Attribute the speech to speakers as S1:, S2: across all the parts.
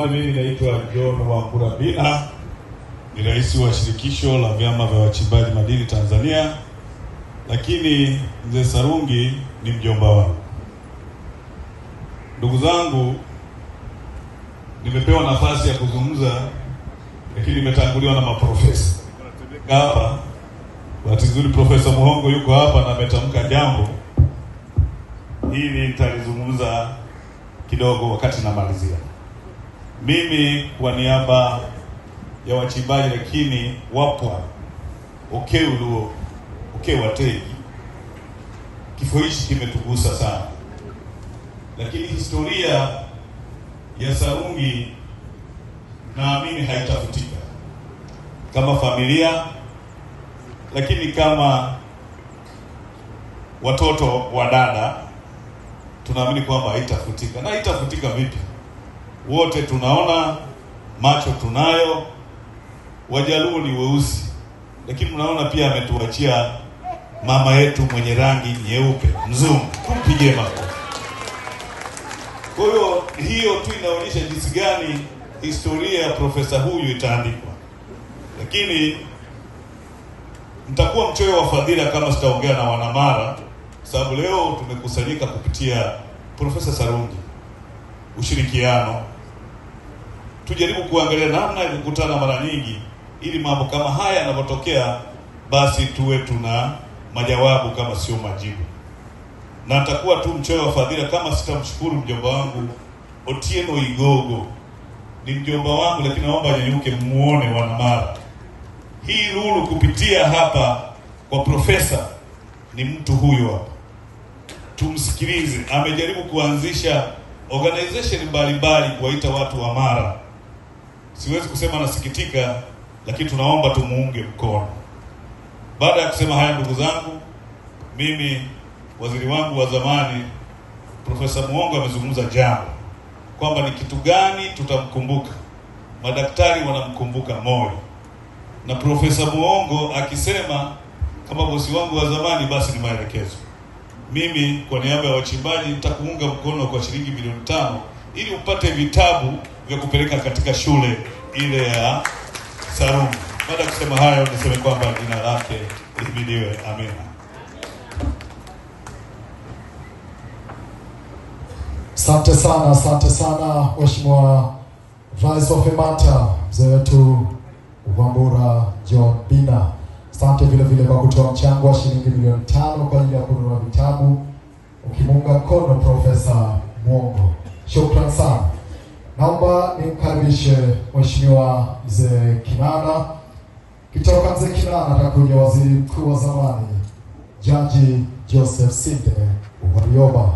S1: Jamani, mimi naitwa John Wambura Bila, ni rais wa shirikisho la vyama vya wachimbaji madini Tanzania, lakini mzee Sarungi ni mjomba wangu. Ndugu zangu, nimepewa nafasi ya kuzungumza, lakini nimetanguliwa na maprofesa hapa. Bahati nzuri Profesa Muhongo yuko hapa na ametamka jambo hili, nitalizungumza kidogo wakati namalizia. Mimi kwa niaba ya wachimbaji lakini wapwa Okeuluo wategi kifo hichi kimetugusa sana, lakini historia ya Sarungi naamini haitafutika kama familia, lakini kama watoto wa dada tunaamini kwamba haitafutika. Na haitafutika vipi? wote tunaona, macho tunayo, Wajaluo ni weusi, lakini tunaona pia ametuachia mama yetu mwenye rangi nyeupe mzungu, tumpigie makofi. Kwa hiyo hiyo tu inaonyesha jinsi gani historia ya profesa huyu itaandikwa, lakini mtakuwa mchoyo wa fadhila kama sitaongea na Wanamara, sababu leo tumekusanyika kupitia Profesa Sarungi ushirikiano tujaribu kuangalia namna ya kukutana mara nyingi, ili mambo kama haya yanapotokea, basi tuwe tuna majawabu kama sio majibu, na nitakuwa tu mchoyo wa fadhila kama sitamshukuru mjomba wangu Otieno Igogo. Ni mjomba wangu, lakini naomba anyanyuke muone Wanamara. Hii lulu kupitia hapa kwa profesa ni mtu huyo hapa, tumsikilize. Amejaribu kuanzisha organization mbalimbali kuwaita watu wa Mara siwezi kusema nasikitika, lakini tunaomba tumuunge mkono. Baada ya kusema haya, ndugu zangu, mimi waziri wangu wa zamani Profesa muongo amezungumza jambo kwamba ni kitu gani tutamkumbuka. Madaktari wanamkumbuka moyo, na Profesa muongo akisema kama bosi wangu wa zamani, basi ni maelekezo. Mimi kwa niaba ya wachimbaji nitakuunga mkono kwa shilingi milioni tano ili upate vitabu ya kupeleka katika shule ile ya Sarum. Baada ya kusema hayo, niseme kwamba jina lake lihimidiwe. Amina.
S2: Asante sana, asante sana Mheshimiwa Rais wa FEMATA mzee wetu Wambura John Bina, asante vile vile kwa kutoa mchango wa shilingi milioni tano kwa ajili ya kununua vitabu, ukimuunga mkono Profesa Mwongo. Shukran sana. Naomba nimkaribishe Mheshimiwa Mzee Kinana. Kitoka Mzee Kinana atakuja waziri mkuu wa zamani Jaji Joseph Sinde Warioba.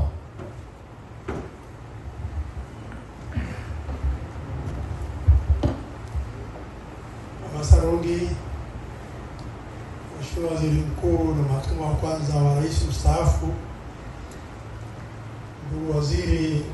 S3: Mama Sarungi, Mheshimiwa Waziri Mkuu na makamu wa kwanza wa rais mstaafu, ndugu waziri